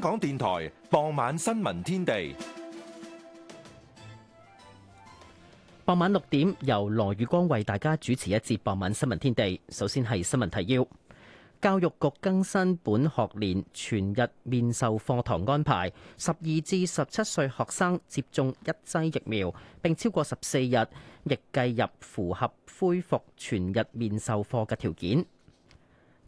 香港電台傍晚新聞天地，傍晚六點由羅宇光為大家主持一節傍晚新聞天地。首先係新聞提要：教育局更新本學年全日面授課堂安排，十二至十七歲學生接種一劑疫苗，並超過十四日，亦計入符合恢復全日面授課嘅條件。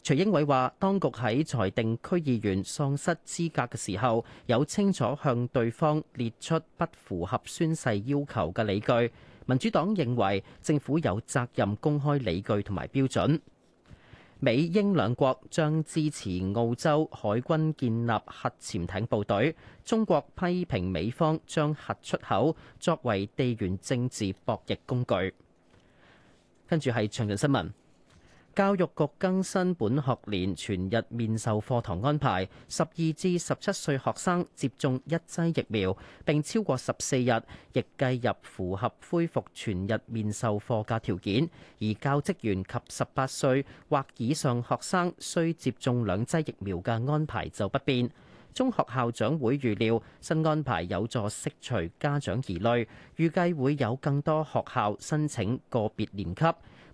徐英偉話，當局喺裁定區議員喪失資格嘅時候，有清楚向對方列出不符合宣誓要求嘅理據。民主黨認為政府有責任公開理據同埋標準。美英兩國將支持澳洲海軍建立核潛艇部隊。中國批評美方將核出口作為地緣政治博弈工具。跟住係詳盡新聞。教育局更新本學年全日面授課堂安排，十二至十七歲學生接種一劑疫苗並超過十四日，亦計入符合恢復全日面授課嘅條件。而教職員及十八歲或以上學生需接種兩劑疫苗嘅安排就不變，中學校長會預料新安排有助釋除家長疑慮，預計會有更多學校申請個別年級。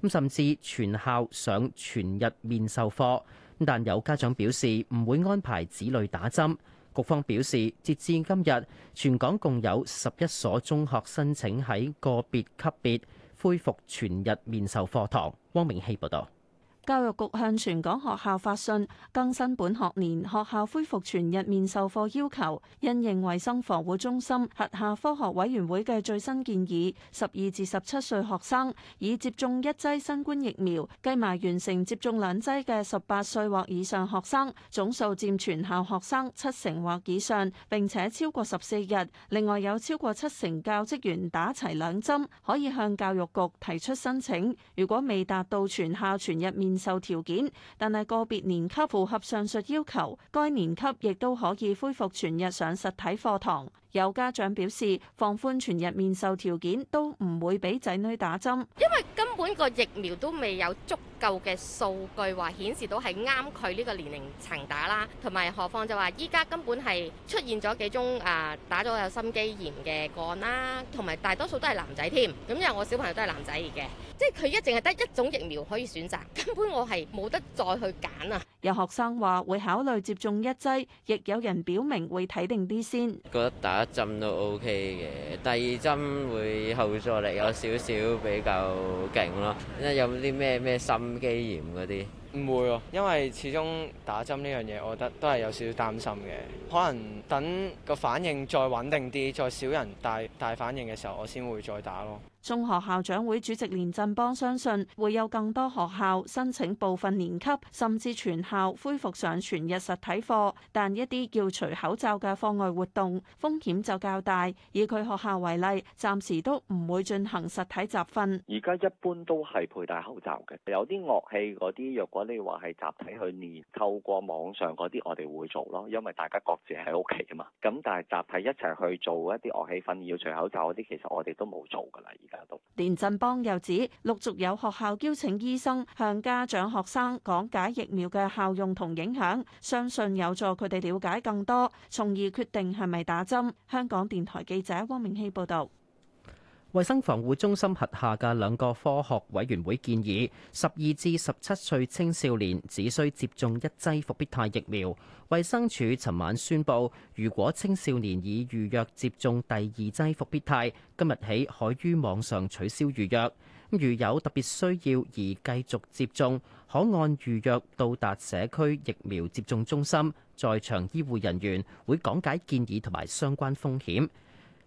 咁甚至全校上全日面授課，但有家長表示唔會安排子女打針，局方表示，截至今日，全港共有十一所中學申請喺個別級別恢復全日面授課堂。汪明熙報道。教育局向全港學校發信，更新本學年學校恢復全日面授課要求，因應衛生防護中心轄下科學委員會嘅最新建議，十二至十七歲學生已接種一劑新冠疫苗，計埋完成接種兩劑嘅十八歲或以上學生，總數占全校學生七成或以上，並且超過十四日。另外有超過七成教職員打齊兩針，可以向教育局提出申請。如果未達到全校全日面，受條件，但係個別年級符合上述要求，該年級亦都可以恢復全日上實體課堂。有家長表示放寬全日面授條件都唔會俾仔女打針，因為根本個疫苗都未有足夠嘅數據話顯示到係啱佢呢個年齡層打啦，同埋何況就話依家根本係出現咗幾宗啊打咗有心肌炎嘅個案啦，同埋大多數都係男仔添，咁因為我小朋友都係男仔嚟嘅，即係佢一淨係得一種疫苗可以選擇，根本我係冇得再去揀啊！有學生話會考慮接種一劑，亦有人表明會睇定啲先，覺得打一針都 OK 嘅，第二針會後座力有少少比較勁咯。有啲咩咩心肌炎嗰啲？唔會喎，因為始終打針呢樣嘢，我覺得都係有少少擔心嘅。可能等個反應再穩定啲，再少人大大反應嘅時候，我先會再打咯。中學校長會主席連鎮邦相信會有更多學校申請部分年級甚至全校恢復上全日實體課，但一啲要除口罩嘅課外活動風險就較大。以佢學校為例，暫時都唔會進行實體集訓。而家一般都係佩戴口罩嘅，有啲樂器嗰啲，若果你話係集體去練，透過網上嗰啲我哋會做咯，因為大家各自喺屋企啊嘛。咁但係集體一齊去做一啲樂器訓練要除口罩嗰啲，其實我哋都冇做噶啦。連振邦又指，陸續有學校邀請醫生向家長、學生講解疫苗嘅效用同影響，相信有助佢哋了解更多，從而決定係咪打針。香港電台記者汪明熙報道。衛生防護中心轄下嘅兩個科學委員會建議，十二至十七歲青少年只需接種一劑復必泰疫苗。衛生署尋晚宣布，如果青少年已預約接種第二劑復必泰，今日起可於網上取消預約。如有特別需要而繼續接種，可按預約到達社區疫苗接種中心，在場醫護人員會講解建議同埋相關風險。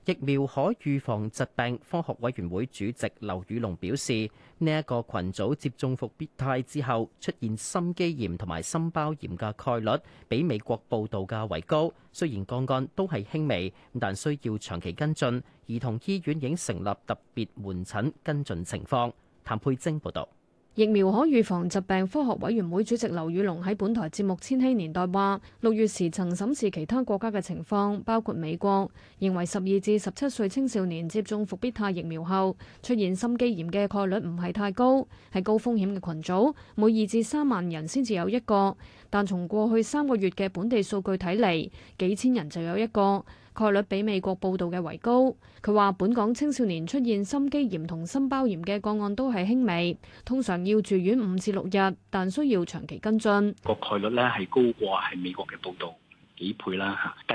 疫苗可預防疾病。科學委員會主席劉宇龍表示，呢一個群組接種復必泰之後出現心肌炎同埋心包炎嘅概率，比美國報道嘅為高。雖然個案都係輕微，但需要長期跟進。兒童醫院已經成立特別門診跟進情況。譚佩晶報道。疫苗可預防疾病。科學委員會主席劉宇龍喺本台節目《千禧年代》話：六月時曾審視其他國家嘅情況，包括美國，認為十二至十七歲青少年接種復必泰疫苗後出現心肌炎嘅概率唔係太高，係高風險嘅群組，每二至三萬人先至有一個。但從過去三個月嘅本地數據睇嚟，幾千人就有一個。概率比美國報道嘅為高。佢話：本港青少年出現心肌炎同心包炎嘅個案都係輕微，通常要住院五至六日，但需要長期跟進。個概率呢係高過係美國嘅報道幾倍啦。嚇，第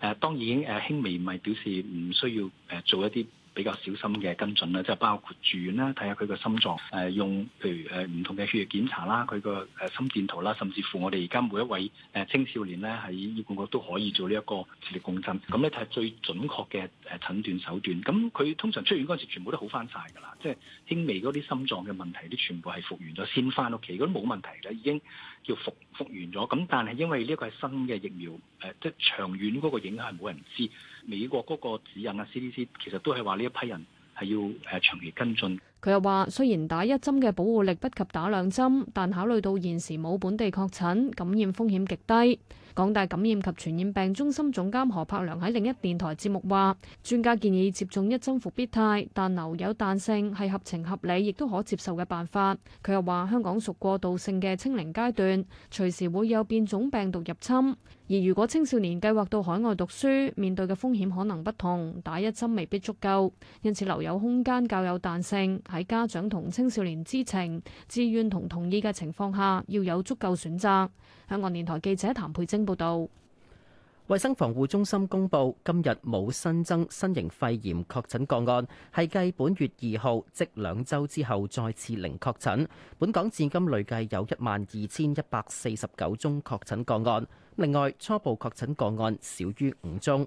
二誒當然誒輕微唔係表示唔需要誒做一啲，比較小心嘅跟進啦，即係包括住院啦，睇下佢個心臟，誒、呃、用譬如誒唔同嘅血液檢查啦，佢個誒心電圖啦，甚至乎我哋而家每一位誒青少年咧喺醫管局都可以做呢一個磁力共振，咁咧睇下最準確嘅誒診斷手段。咁佢通常出院嗰時全部都好翻晒㗎啦，即係輕微嗰啲心臟嘅問題，啲全部係復原咗先翻屋企，嗰啲冇問題咧已經。要復復原咗，咁但係因為呢個係新嘅疫苗，誒即係長遠嗰個影響係冇人知。美國嗰個指引啊，CDC 其實都係話呢一批人係要誒長期跟進。佢又話，雖然打一針嘅保護力不及打兩針，但考慮到現時冇本地確診，感染風險極低。港大感染及傳染病中心總監何柏良喺另一電台節目話：專家建議接種一針復必泰，但留有彈性係合情合理，亦都可接受嘅辦法。佢又話：香港屬過渡性嘅清零階段，隨時會有變種病毒入侵。而如果青少年計劃到海外讀書，面對嘅風險可能不同，打一針未必足夠。因此留有空間較有彈性，喺家長同青少年知情、自願同同意嘅情況下，要有足夠選擇。香港電台記者譚佩芝。報道：衛生防護中心公布，今日冇新增新型肺炎確診個案，係繼本月二號即兩周之後再次零確診。本港至今累計有一萬二千一百四十九宗確診個案，另外初步確診個案少於五宗。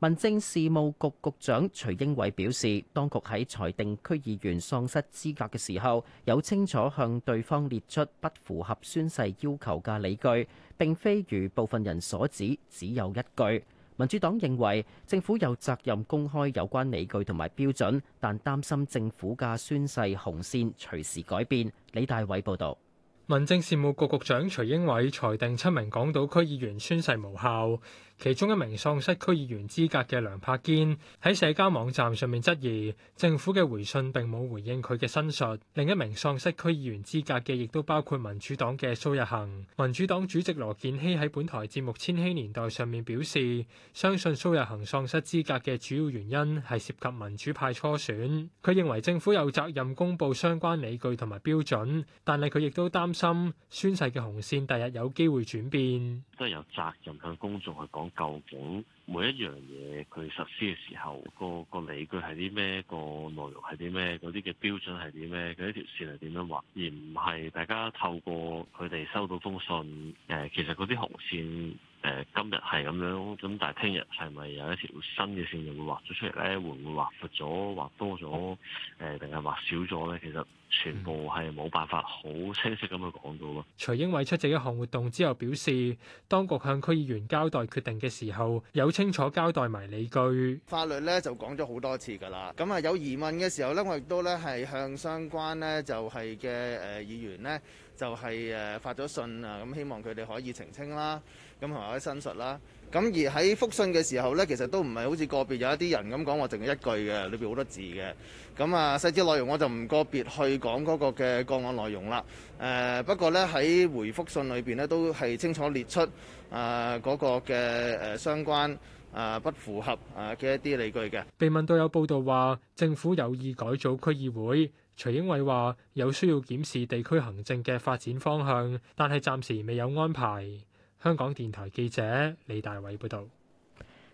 民政事務局局長徐英偉表示，當局喺裁定區議員喪失資格嘅時候，有清楚向對方列出不符合宣誓要求嘅理據，並非如部分人所指，只有一句。民主黨認為政府有責任公開有關理據同埋標準，但擔心政府嘅宣誓紅線隨時改變。李大偉報道，民政事務局局長徐英偉裁定七名港島區議員宣誓無效。其中一名喪失區議員資格嘅梁柏堅喺社交網站上面質疑政府嘅回信並冇回應佢嘅申述。另一名喪失區議員資格嘅亦都包括民主黨嘅蘇日恒。民主黨主席羅健熙喺本台節目《千禧年代》上面表示，相信蘇日恒喪失資格嘅主要原因係涉及民主派初選。佢認為政府有責任公布相關理據同埋標準，但係佢亦都擔心宣誓嘅紅線第日有機會轉變。都係有責任向公眾去講。究竟每一樣嘢佢實施嘅時候，個個理據係啲咩？個內容係啲咩？嗰啲嘅標準係啲咩？嗰一條線係點樣畫？而唔係大家透過佢哋收到封信，誒，其實嗰啲紅線。誒，今日係咁樣咁，但係聽日係咪有一條新嘅線就會畫咗出嚟咧？會唔會畫闊咗、畫多咗，誒定係畫少咗咧？其實全部係冇辦法好清晰咁去講到咯。嗯、徐英偉出席一項活動之後表示，當局向區議員交代決定嘅時候，有清楚交代埋理據法律咧就講咗好多次㗎啦。咁啊有疑問嘅時候咧，我亦都咧係向相關咧就係嘅誒議員呢，就係、是、誒發咗信啊，咁希望佢哋可以澄清啦。咁同埋我啲申述啦。咁而喺覆信嘅時候咧，其實都唔係好似個別有一啲人咁講話，淨係一句嘅，裏邊好多字嘅。咁啊，細節內容我就唔個別去講嗰個嘅個案內容啦。誒不過咧喺回覆信裏邊咧都係清楚列出啊嗰個嘅誒相關啊不符合啊嘅一啲理據嘅。被問到有報道話政府有意改組區議會，徐英偉話有需要檢視地區行政嘅發展方向，但係暫時未有安排。香港電台記者李大偉報道，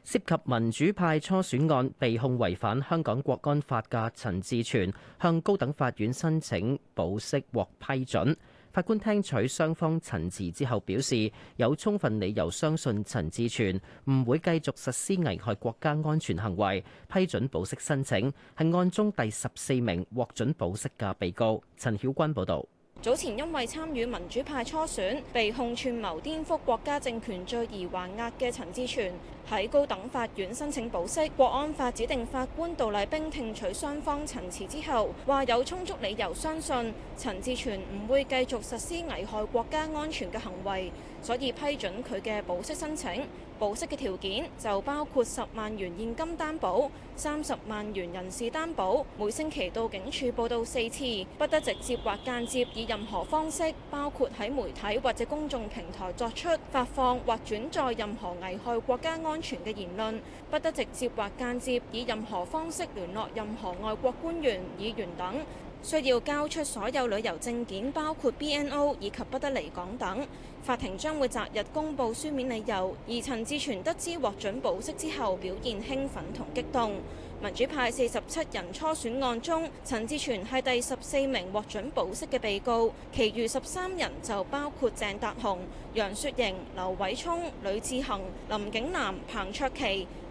涉及民主派初選案，被控違反香港國安法嘅陳志全向高等法院申請保釋獲批准。法官聽取雙方陳詞之後表示，有充分理由相信陳志全唔會繼續實施危害國家安全行為，批准保釋申請，係案中第十四名獲准保釋嘅被告。陳曉君報道。早前因為參與民主派初選，被控串謀顛覆國家政權罪而還押嘅陳志全，喺高等法院申請保釋。國安法指定法官杜麗冰聽取雙方陳詞之後，話有充足理由相信陳志全唔會繼續實施危害國家安全嘅行為，所以批准佢嘅保釋申請。保釋嘅條件就包括十萬元現金擔保、三十萬元人事擔保、每星期到警署報到四次、不得直接或間接以任何方式，包括喺媒體或者公眾平台作出發放或轉載任何危害國家安全嘅言論、不得直接或間接以任何方式聯絡任何外國官員議員等。需要交出所有旅遊證件，包括 BNO 以及不得離港等。法庭將會擇日公佈書面理由。而陳志全得知獲准保釋之後，表現興奮同激動。民主派四十七人初選案中，陳志全係第十四名獲准保釋嘅被告，其餘十三人就包括鄭達雄、楊雪盈、劉偉聰、呂智恆、林景南、彭卓棋。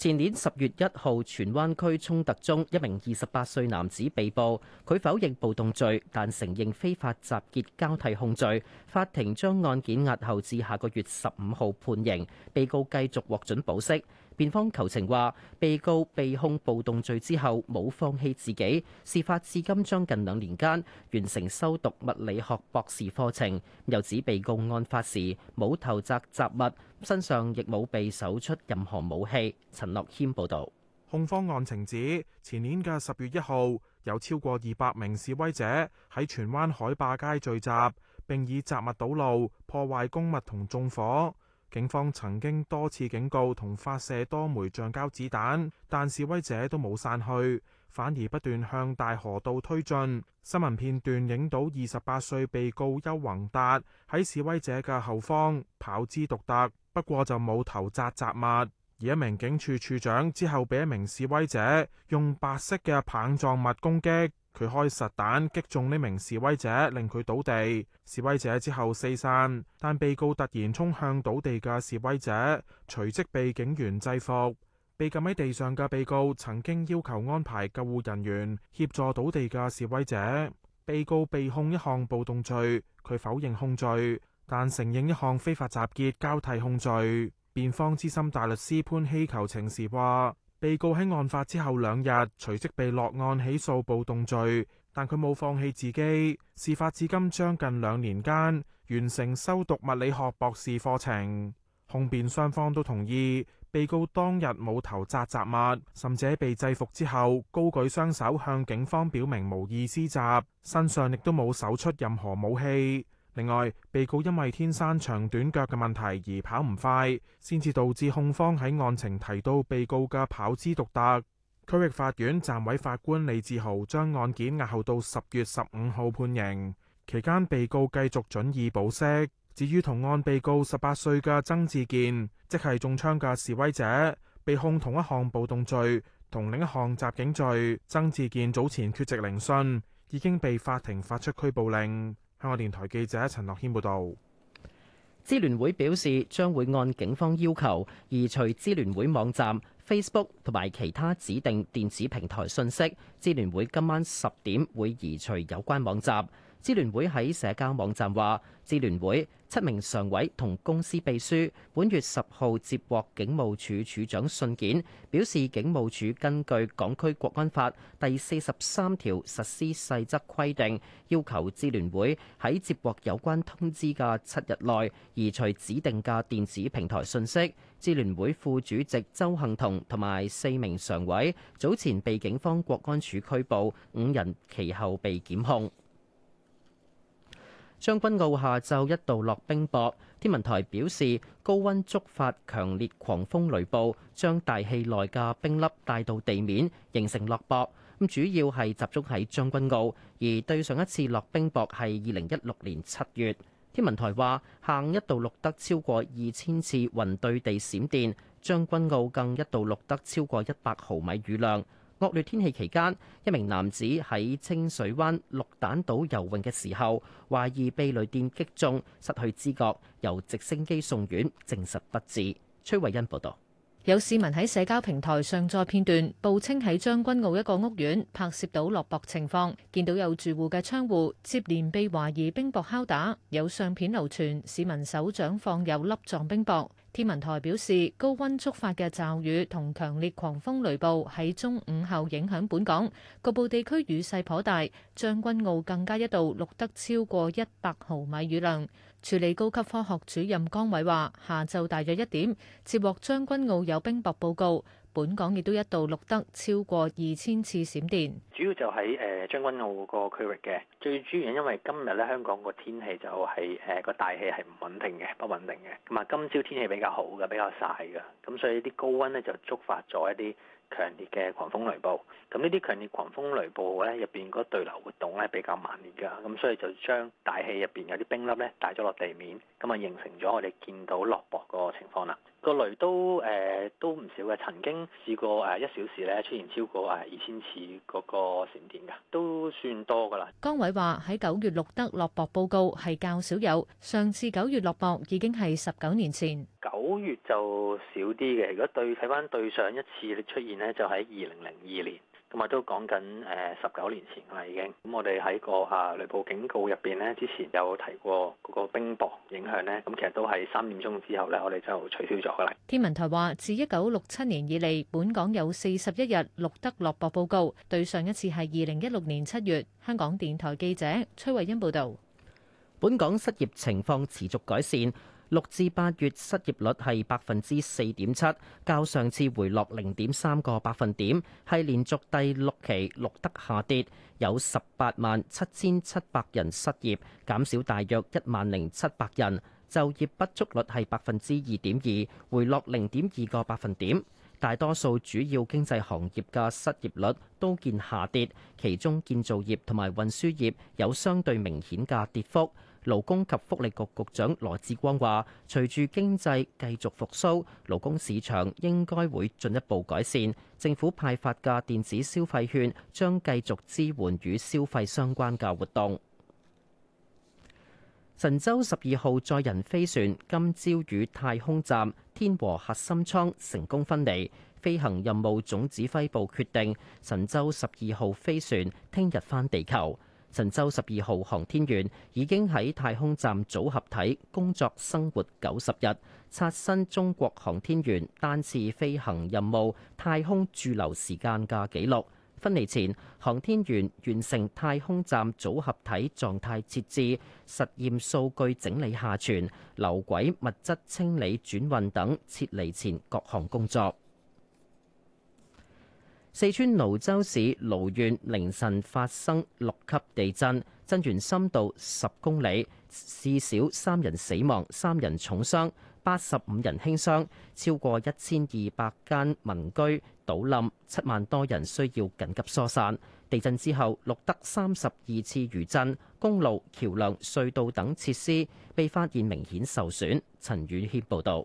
前年十月一號荃灣區衝突中，一名二十八歲男子被捕。佢否認暴動罪，但承認非法集結交替控罪。法庭將案件押後至下個月十五號判刑。被告繼續獲准保釋。辯方求情話，被告被控暴動罪之後冇放棄自己，事發至今將近兩年間完成修讀物理學博士課程。又指被告案發時冇投擲雜物，身上亦冇被搜出任何武器。陳樂謙報道。控方案情指，前年嘅十月一號，有超過二百名示威者喺荃灣海壩街聚集，並以雜物堵路、破壞公物同縱火。警方曾經多次警告同發射多枚橡膠子彈，但示威者都冇散去，反而不斷向大河道推進。新聞片段影到二十八歲被告邱宏達喺示威者嘅後方跑之獨特，不過就冇投擲雜物。而一名警署處長之後被一名示威者用白色嘅棒狀物攻擊，佢開實彈擊中呢名示威者，令佢倒地。示威者之後四散，但被告突然衝向倒地嘅示威者，隨即被警員制服。被撳喺地上嘅被告曾經要求安排救護人員協助倒地嘅示威者。被告被控一項暴動罪，佢否認控罪，但承認一項非法集結交替控罪。辯方資深大律師潘希求情時話，被告喺案發之後兩日，隨即被落案起訴暴動罪，但佢冇放棄自己。事發至今將近兩年間，完成修讀物理學博士課程。控辯雙方都同意，被告當日冇投擲雜物，甚至被制服之後高舉雙手向警方表明無意施襲，身上亦都冇搜出任何武器。另外，被告因為天生長短腳嘅問題而跑唔快，先至導致控方喺案情提到被告嘅跑姿獨特。區域法院暫委法官李志豪將案件押後到十月十五號判刑。期間，被告繼續准以保釋。至於同案被告十八歲嘅曾志健，即係中槍嘅示威者，被控同一項暴動罪同另一項襲警罪。曾志健早前缺席聆訊，已經被法庭發出拘捕令。香港電台記者陳樂謙報道，支聯會表示將會按警方要求移除支聯會網站、Facebook 同埋其他指定電子平台信息。支聯會今晚十點會移除有關網站。支聯會喺社交網站話：支聯會七名常委同公司秘書本月十號接獲警務處處長信件，表示警務處根據《港區國安法》第四十三條實施細則規定，要求支聯會喺接獲有關通知嘅七日內移除指定嘅電子平台信息。支聯會副主席鄒幸彤同埋四名常委早前被警方國安處拘捕，五人其後被檢控。將軍澳下晝一度落冰雹，天文台表示高溫觸發強烈狂風雷暴，將大氣內嘅冰粒帶到地面，形成落雹。咁主要係集中喺將軍澳，而對上一次落冰雹係二零一六年七月。天文台話下午一度錄得超過二千次雲對地閃電，將軍澳更一度錄得超過一百毫米雨量。惡劣天氣期間，一名男子喺清水灣綠蛋島游泳嘅時候，懷疑被雷電擊中，失去知覺，由直升機送院，證實不治。崔慧欣報道，有市民喺社交平台上載片段，報稱喺將軍澳一個屋苑拍攝到落雹情況，見到有住戶嘅窗戶接連被懷疑冰雹敲打，有相片流傳，市民手掌放有粒狀冰雹。天文台表示，高溫觸發嘅驟雨同強烈狂風雷暴喺中午後影響本港，局部地區雨勢頗大，將軍澳更加一度錄得超過一百毫米雨量。署理高級科學主任江偉話，下晝大約一點，接獲將軍澳有冰雹報告。本港亦都一度錄得超過二千次閃電，主要就喺誒將軍澳個區域嘅。最主要因為今日咧香港個天氣就係誒個大氣係唔穩定嘅，不穩定嘅。咁啊，今朝天氣比較好嘅，比較曬嘅，咁所以啲高溫咧就觸發咗一啲強烈嘅狂風雷暴。咁呢啲強烈狂風雷暴咧入邊嗰對流活動咧比較猛烈㗎，咁所以就將大氣入邊有啲冰粒咧帶咗落地面，咁啊形成咗我哋見到落雹個情況啦。個雷都誒、呃、都唔少嘅，曾經試過誒一小時咧出現超過誒二千次嗰個閃電㗎，都算多㗎啦。江偉話喺九月錄得落雹報告係較少有，上次九月落雹已經係十九年前。九月就少啲嘅，如果對睇返對上一次出現呢，就喺二零零二年。今日都講緊誒十九年前噶啦已經。咁我哋喺個啊雷暴警告入邊咧，之前有提過嗰個冰雹影響呢，咁其實都係三點鐘之後呢，我哋就取消咗啦。天文台話，自一九六七年以嚟，本港有四十一日錄得落雹報告，對上一次係二零一六年七月。香港電台記者崔慧欣報導。本港失業情況持續改善。六至八月失業率係百分之四點七，較上次回落零點三個百分點，係連續第六期錄得下跌，有十八萬七千七百人失業，減少大約一萬零七百人。就業不足率係百分之二點二，回落零點二個百分點。大多數主要經濟行業嘅失業率都見下跌，其中建造業同埋運輸業有相對明顯嘅跌幅。勞工及福利局局長羅志光話，隨住經濟繼續復甦，勞工市場應該會進一步改善。政府派發嘅電子消費券將繼續支援與消費相關嘅活動。神舟十二號載人飛船今朝與太空站、天和核心艙成功分離，飛行任務總指揮部決定神舟十二號飛船聽日返地球。神舟十二號航天員已經喺太空站組合體工作生活九十日，刷新中國航天員單次飛行任務太空駐留時間嘅紀錄。分離前，航天員完成太空站組合體狀態設置、實驗數據整理下傳、留軌物質清理轉運等撤離前各項工作。四川瀘州市瀘縣凌晨發生六級地震，震源深度十公里，至少三人死亡，三人重傷，八十五人輕傷，超過一千二百間民居倒冧，七萬多人需要緊急疏散。地震之後錄得三十二次餘震，公路、橋樑、隧道等設施被發現明顯受損。陳宇謙報道。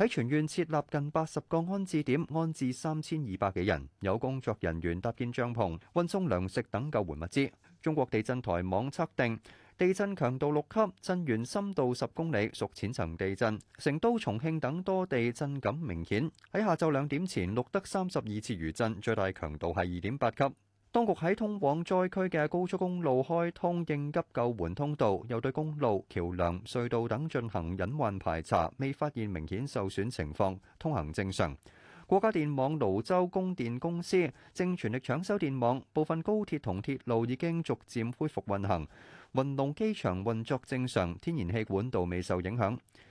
喺全縣設立近八十個安置點，安置三千二百幾人。有工作人員搭建帳篷、運送糧食等救援物資。中國地震台網測定，地震強度六級，震源深度十公里，屬淺層地震。成都、重慶等多地震感明顯。喺下晝兩點前錄得三十二次餘震，最大強度係二點八級。當局喺通往災區的高速公路開通應急救援通道，又對公路、橋梁、隧道等進行隱患排查，未發現明顯受損情況，通行正常。國家電網瀘州供電公司正全力搶修電網，部分高鐵同鐵路已經逐漸恢復運行。雲龍機場運作正常，天然氣管道未受影響。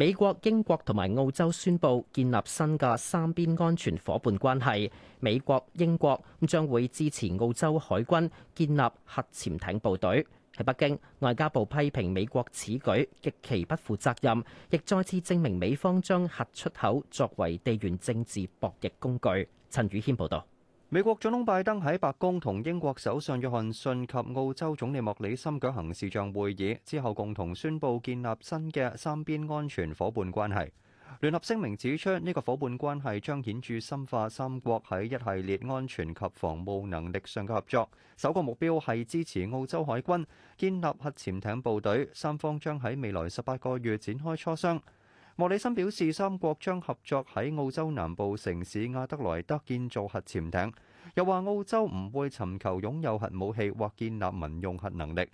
美國、英國同埋澳洲宣布建立新嘅三邊安全伙伴關係。美國、英國咁將會支持澳洲海軍建立核潛艇部隊。喺北京，外交部批評美國此舉極其不負責任，亦再次證明美方將核出口作為地緣政治博弈工具。陳宇軒報導。美國總統拜登喺白宮同英國首相約翰遜及澳洲總理莫里森舉行視像會議之後，共同宣布建立新嘅三邊安全伙伴關係。聯合聲明指出，呢個伙伴關係將顯著深化三國喺一系列安全及防務能力上嘅合作。首個目標係支持澳洲海軍建立核潛艇部隊，三方將喺未來十八個月展開磋商。莫里森表示，三國將合作喺澳洲南部城市亞德萊德建造核潛艇，又話澳洲唔會尋求擁有核武器或建立民用核能力。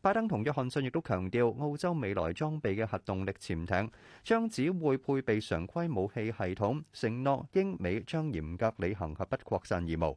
拜登同約翰遜亦都強調，澳洲未來裝備嘅核動力潛艇將只會配備常規武器系統，承諾英美將嚴格履行核不擴散義務。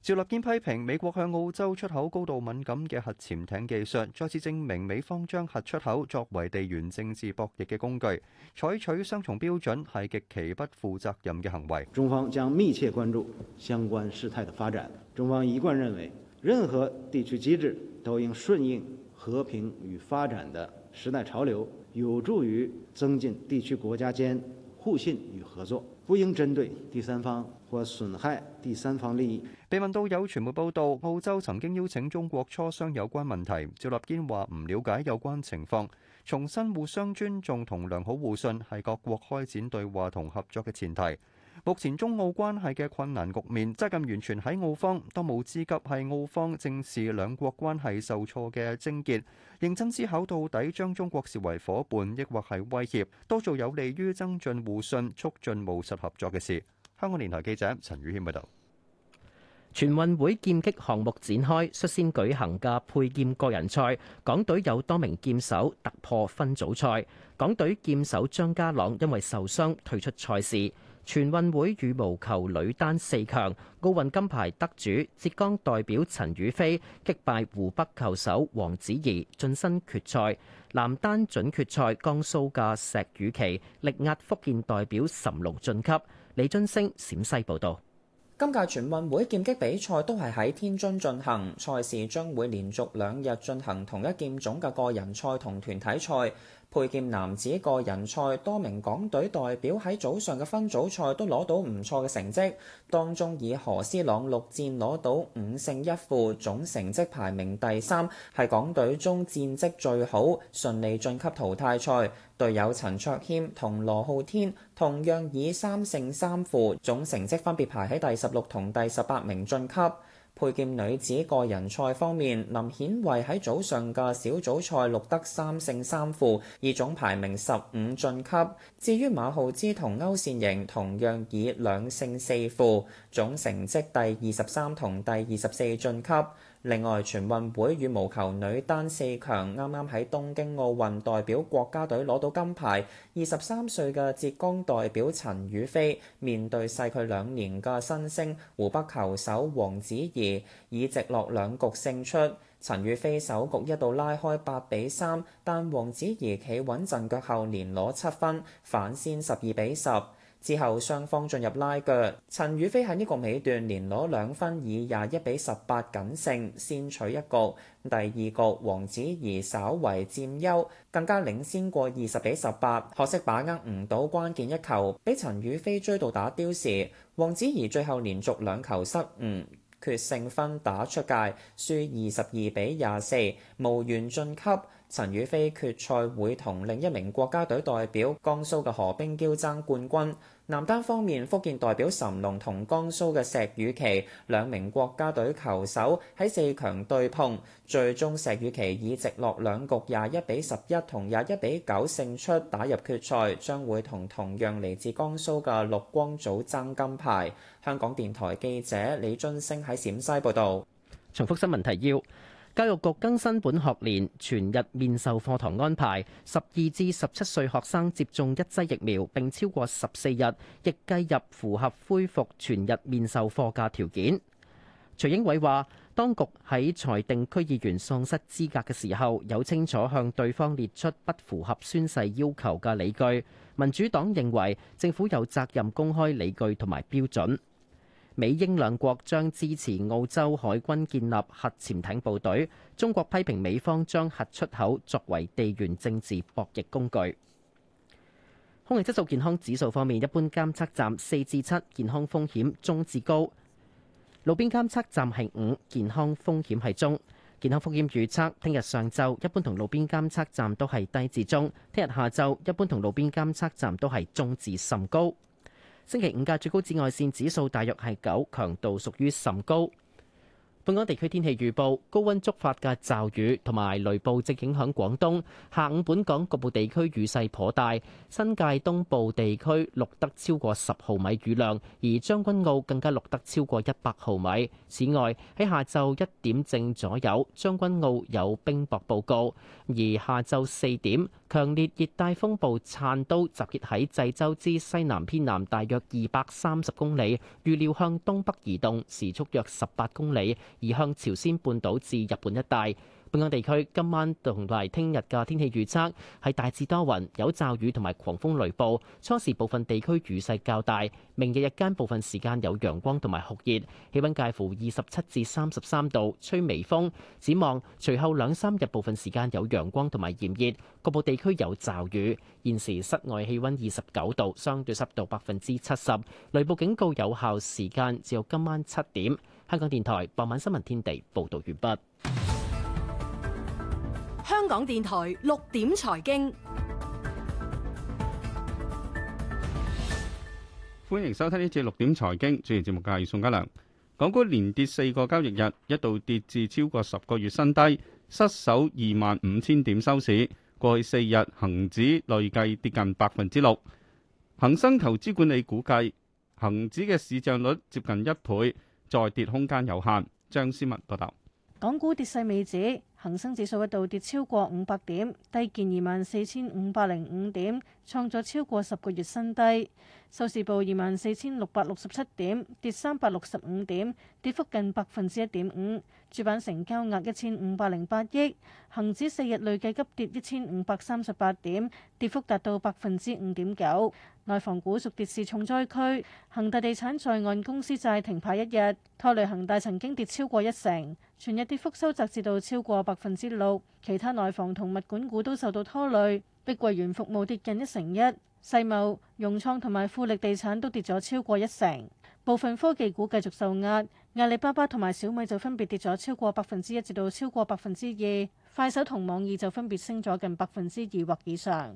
趙立堅批評美國向澳洲出口高度敏感嘅核潛艇技術，再次證明美方將核出口作為地緣政治博弈嘅工具，採取雙重標準係極其不負責任嘅行為。中方將密切關注相關事態的發展。中方一貫認為，任何地區機制都應順應和平與發展的時代潮流，有助於增進地區國家間互信與合作，不應針對第三方或損害第三方利益。被問到有傳媒報道澳洲曾經邀請中國磋商有關問題，趙立堅話唔了解有關情況。重申互相尊重同良好互信係各國開展對話同合作嘅前提。目前中澳關係嘅困難局面，責任完全喺澳方，當務之急係澳方正視兩國關係受挫嘅症結，認真思考到底將中國視為伙伴，抑或係威脅，多做有利於增進互信、促進務實合作嘅事。香港電台記者陳宇軒報道。全運會劍擊項目展開，率先舉行嘅佩劍個人賽，港隊有多名劍手突破分組賽。港隊劍手張家朗因為受傷退出賽事。全運會羽毛球女單四強，奧運金牌得主浙江代表陳雨菲擊敗湖北球手王子怡，晉身決賽。男單準決賽，江蘇嘅石宇奇力壓福建代表岑龍晉級。李津星陝西報導。今屆全運會劍擊比賽都係喺天津進行，賽事將會連續兩日進行同一劍種嘅個人賽同團體賽。配劍男子個人賽，多名港隊代表喺早上嘅分組賽都攞到唔錯嘅成績。當中以何思朗六戰攞到五勝一負，總成績排名第三，係港隊中戰績最好，順利晉級淘汰賽。隊友陳卓謙同羅浩天同樣以三勝三負，總成績分別排喺第十六同第十八名晉級。佩劍女子個人賽方面，林顯慧喺早上嘅小組賽錄得三勝三負，以總排名十五晉級。至於馬浩之同歐善瑩，同樣以兩勝四負，總成績第二十三同第二十四晉級。另外，全運會羽毛球女單四強啱啱喺東京奧運代表國家隊攞到金牌。二十三歲嘅浙江代表陳雨菲面對細佢兩年嘅新星湖北球手王子怡，以直落兩局勝出。陳雨菲首局一度拉開八比三，但王子怡企穩陣腳後連攞七分，反先十二比十。之後，雙方進入拉鋸。陳雨菲喺呢個尾段連攞兩分以，以廿一比十八僅勝先取一局。第二局，王子怡稍為佔優，更加領先過二十比十八。可惜把握唔到關鍵一球，俾陳雨菲追到打刁時，王子怡最後連續兩球失誤，決勝分打出界，輸二十二比廿四，無緣晉級。陳雨菲決賽會同另一名國家隊代表江蘇嘅何冰嬌爭冠軍。男單方面，福建代表谌龍同江蘇嘅石宇奇兩名國家隊球手喺四強對碰，最終石宇奇以直落兩局廿一比十一同廿一比九勝出，打入決賽，將會同同樣嚟自江蘇嘅陸光祖爭金牌。香港電台記者李津星喺陝西報道。重複新聞提要。教育局更新本學年全日面授課堂安排，十二至十七歲學生接種一劑疫苗並超過十四日，亦計入符合恢復全日面授課價條件。徐英偉話當局喺裁定區議員喪失資格嘅時候，有清楚向對方列出不符合宣誓要求嘅理據，民主黨認為政府有責任公開理據同埋標準。美英兩國將支持澳洲海軍建立核潛艇部隊。中國批評美方將核出口作為地緣政治博弈工具。空氣質素健康指數方面，一般監測站四至七，健康風險中至高；路邊監測站係五，健康風險係中。健康風險預測：聽日上晝一般同路邊監測站都係低至中；聽日下晝一般同路邊監測站都係中至甚高。星期五嘅最高紫外線指數大約係九，強度屬於甚高。本港地區天氣預報，高温觸發嘅驟雨同埋雷暴正影響廣東。下午本港局部地區雨勢頗大，新界東部地區錄得超過十毫米雨量，而將軍澳更加錄得超過一百毫米。此外，喺下晝一點正左右，將軍澳有冰雹報告，而下晝四點。強烈熱帶風暴燦都集結喺濟州之西南偏南，大約二百三十公里，預料向東北移動，時速約十八公里，移向朝鮮半島至日本一帶。本港地區今晚同埋聽日嘅天氣預測係大致多雲，有驟雨同埋狂風雷暴。初時部分地區雨勢較大。明日日間部分時間有陽光同埋酷熱，氣温介乎二十七至三十三度，吹微風。展望隨後兩三日部分時間有陽光同埋炎熱，局部地區有驟雨。現時室外氣溫二十九度，相對濕度百分之七十，雷暴警告有效時間至到今晚七點。香港電台傍晚新聞天地報導完畢。香港電台六點財經，歡迎收聽呢次六點財經主持節目嘅係宋家良。港股連跌四個交易日，一度跌至超過十個月新低，失守二萬五千點收市。過去四日恒指累計跌近百分之六。恒生投資管理估計，恒指嘅市賬率接近一倍，再跌空間有限。張思密報道，港股跌勢未止。恒生指數一度跌超過五百點，低見二萬四千五百零五點，創咗超過十個月新低。收市報二萬四千六百六十七點，跌三百六十五點，跌幅近百分之一點五。主板成交額一千五百零八億，恒指四日累計急跌一千五百三十八點，跌幅達到百分之五點九。內房股屬跌市重災區，恒大地產在岸公司債停牌一日，拖累恒大曾經跌超過一成，全日跌幅收窄至到超過百分之六。其他內房同物管股都受到拖累，碧桂園服務跌近一成一，世茂、融創同埋富力地產都跌咗超過一成。部分科技股繼續受壓，阿里巴巴同埋小米就分別跌咗超過百分之一至到超過百分之二，快手同網易就分別升咗近百分之二或以上。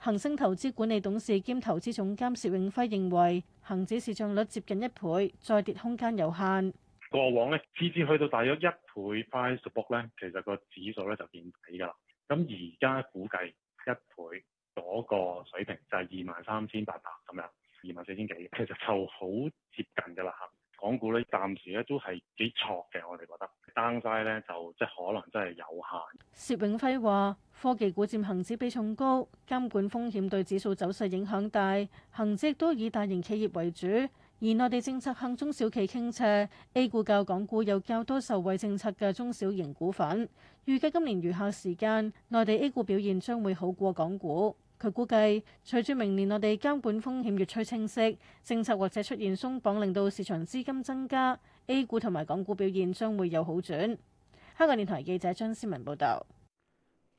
恒生投資管理董事兼投資總監薛永輝認為，恒指市賬率接近一倍，再跌空間有限。過往咧，次次去到大約一倍 price to book 咧，其實個指數咧就見底㗎啦。咁而家估計一倍嗰個水平就係二萬三千八百咁樣，二萬四千幾，其實就好接近㗎啦嚇。港股咧，暫時咧都係幾挫嘅。我哋覺得 down side 咧就即係可能真係有限。薛永輝話：科技股佔恒指比重高，監管風險對指數走勢影響大。恒指亦都以大型企業為主，而內地政策向中小企傾斜，A 股較港股有較多受惠政策嘅中小型股份。預計今，今年餘下時間，內地 A 股表現將會好過港股。佢估計，隨住明年內地監管風險越趨清晰，政策或者出現鬆綁，令到市場資金增加，A 股同埋港股表現將會有好轉。香港電台記者張思文報道。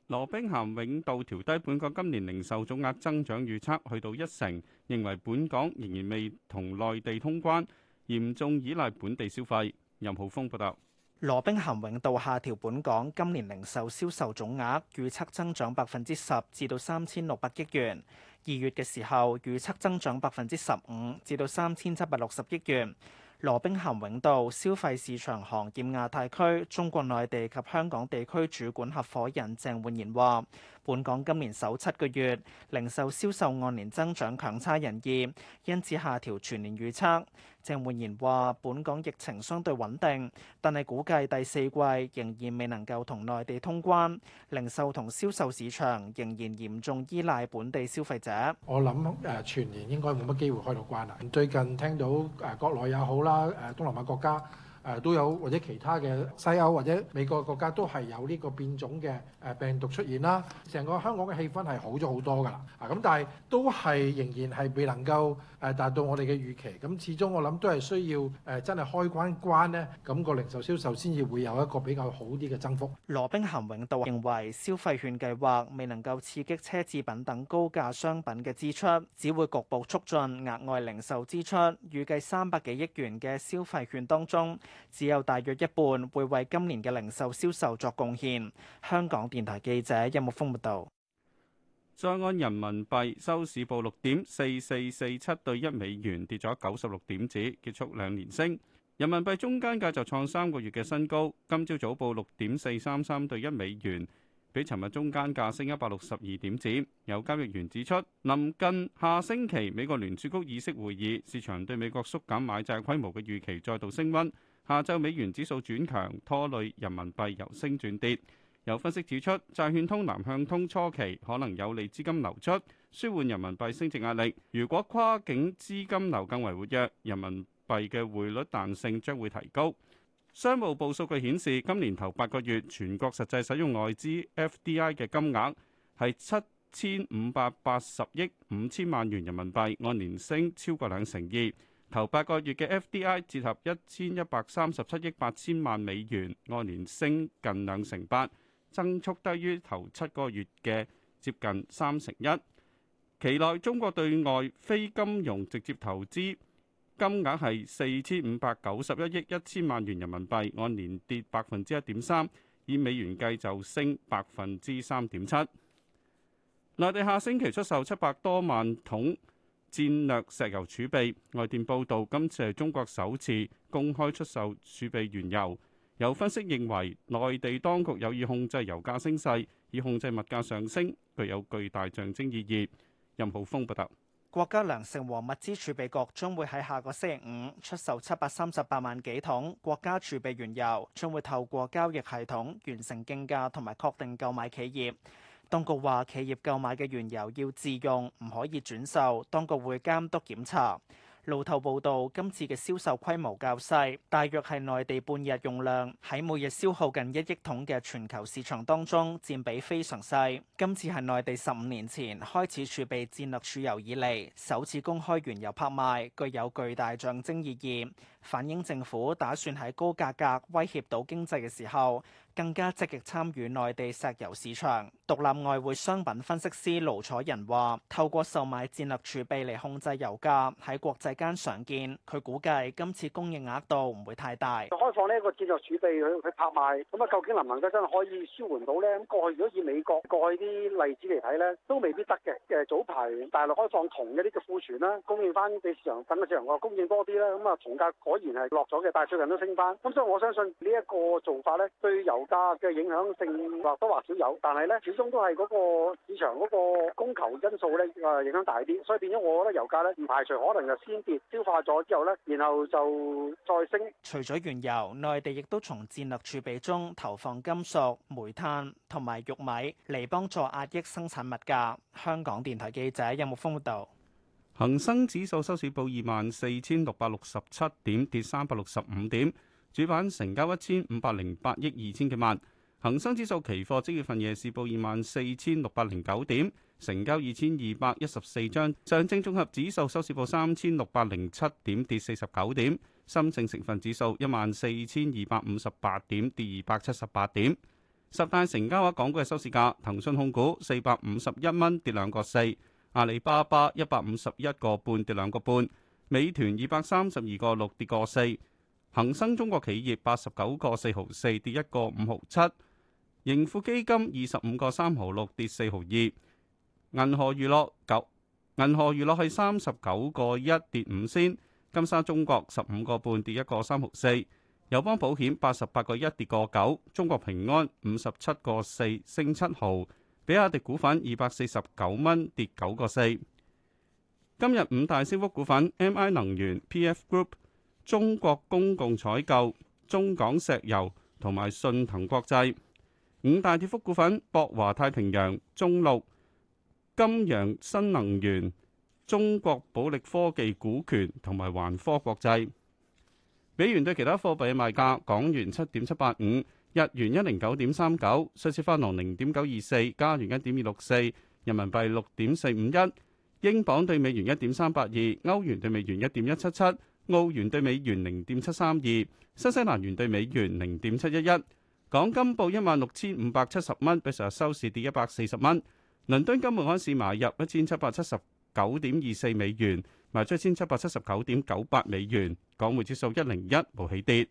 羅兵咸永道調低本港今年零售總額增長預測去到一成，認為本港仍然未同內地通關，嚴重依賴本地消費。任浩峰報道。羅兵咸永道下調本港今年零售銷售銷售總額預測增長百分之十至到三千六百億元，二月嘅時候預測增長百分之十五至到三千七百六十億元。羅兵咸永道消費市場行業亞太區中國內地及香港地區主管合伙人鄭煥然話。本港今年首七個月零售銷售按年增長強差人意，因此下調全年預測。鄭煥賢話，本港疫情相對穩定，但係估計第四季仍然未能夠同內地通關，零售同銷售市場仍然嚴重依賴本地消費者。我諗誒，全年應該冇乜機會開到關啦。最近聽到誒，國內也好啦，誒東南亞國家。誒都有或者其他嘅西歐或者美國國家都係有呢個變種嘅誒病毒出現啦。成個香港嘅氣氛係好咗好多噶啦。啊咁，但係都係仍然係未能夠誒達到我哋嘅預期。咁始終我諗都係需要誒真係開關關咧，咁個零售銷售先至會有一個比較好啲嘅增幅。羅兵咸永道認為消費券計劃未能夠刺激奢侈品等高價商品嘅支出，只會局部促進額外零售支出。預計三百幾億元嘅消費券當中，只有大約一半會為今年嘅零售銷售作貢獻。香港電台記者任木峯報道。上岸人民幣收市報六點四四四七對一美元，跌咗九十六點子，結束兩年升。人民幣中間價就創三個月嘅新高，今朝早報六點四三三對一美元，比尋日中間價升一百六十二點子。有交易員指出，臨近下星期美國聯儲局議息會議，市場對美國縮減買債規模嘅預期再度升溫。下晝美元指數轉強，拖累人民幣由升轉跌。有分析指出，債券通南向通初期可能有利資金流出，舒緩人民幣升值壓力。如果跨境資金流更為活躍，人民幣嘅匯率彈性將會提高。商務部數據顯示，今年頭八個月全國實際使用外資 FDI 嘅金額係七千五百八十億五千萬元人民幣，按年升超過兩成二。頭八個月嘅 FDI 折合一千一百三十七億八千萬美元，按年升近兩成八，增速低於頭七個月嘅接近三成一。期內中國對外非金融直接投資金額係四千五百九十一億一千萬元人民幣，按年跌百分之一點三，以美元計就升百分之三點七。內地下星期出售七百多萬桶戰略石油儲備。外電報道，今次係中國首次公開出售儲備原油。有分析認為，內地當局有意控制油價升勢，以控制物價上升，具有巨大象徵意義。任浩峰報道。國家糧食和物資儲備局將會喺下個星期五出售七百三十八萬幾桶國家儲備原油，將會透過交易系統完成競價同埋確定購買企業。當局話，企業購買嘅原油要自用，唔可以轉售。當局會監督檢查。路透報道，今次嘅銷售規模較細，大約係內地半日用量，喺每日消耗近一億桶嘅全球市場當中佔比非常細。今次係內地十五年前開始儲備戰略儲油以嚟，首次公開原油拍賣，具有巨大象徵意義。反映政府打算喺高價格威脅到經濟嘅時候，更加積極參與內地石油市場。獨立外匯商品分析師盧彩仁話，透過售賣戰略儲備嚟控制油價喺國際間常見。佢估計今次供應額度唔會太大。開放呢個戰略儲備去去拍賣，咁啊究竟能唔能夠真係可以舒緩到呢？咁過去如果以美國過去啲例子嚟睇呢，都未必得嘅。誒早排大陸開放銅嘅呢個庫存啦，供應翻俾市場，等嘅市場個供應多啲啦，咁啊銅價。果然係落咗嘅，但係最近都升翻。咁所以我相信呢一個做法呢，對油價嘅影響性或多或少有，但係呢，始終都係嗰個市場嗰個供求因素咧，誒、啊、影響大啲。所以變咗，我覺得油價呢，唔排除可能就先跌，消化咗之後呢，然後就再升。除咗原油，內地亦都從戰略儲備中投放金屬、煤炭同埋玉米嚟幫助壓抑生產物價。香港電台記者任木豐報道。恒生指數收市報二萬四千六百六十七點，跌三百六十五點。主板成交一千五百零八億二千幾萬。恒生指數期貨即月份夜市報二萬四千六百零九點，成交二千二百一十四張。上證綜合指數收市報三千六百零七點，跌四十九點。深證成分指數一萬四千二百五十八點，跌二百七十八點。十大成交額港股嘅收市價，騰訊控股四百五十一蚊，跌兩個四。阿里巴巴一百五十一個半，跌兩個半，美團二百三十二個六，跌個四，恒生中國企業八十九個四毫四，跌一個五毫七，盈富基金二十五個三毫六，跌四毫二，銀河娛樂九，銀河娛樂係三十九個一，跌五仙，金沙中國十五個半，跌一個三毫四，友邦保險八十八個一，跌個九，中國平安五十七個四，升七毫。比亞迪股份二百四十九蚊，跌九個四。今日五大升幅股份：M I 能源、P F Group、中國公共採購、中港石油同埋順騰國際。五大跌幅股份：博華太平洋、中路、金陽新能源、中國保力科技股權同埋環科國際。美元兌其他貨幣嘅賣價：港元七點七八五。日元一零九點三九，瑞士法郎零點九二四，加元一點二六四，人民幣六點四五一，英鎊兌美元一點三八二，歐元兌美元一點一七七，澳元兌美元零點七三二，新西蘭元兌美元零點七一一。港金報一萬六千五百七十蚊，比上日收市跌一百四十蚊。倫敦金每盎司買入一千七百七十九點二四美元，賣出一千七百七十九點九八美元。港匯指數一零一，無起跌。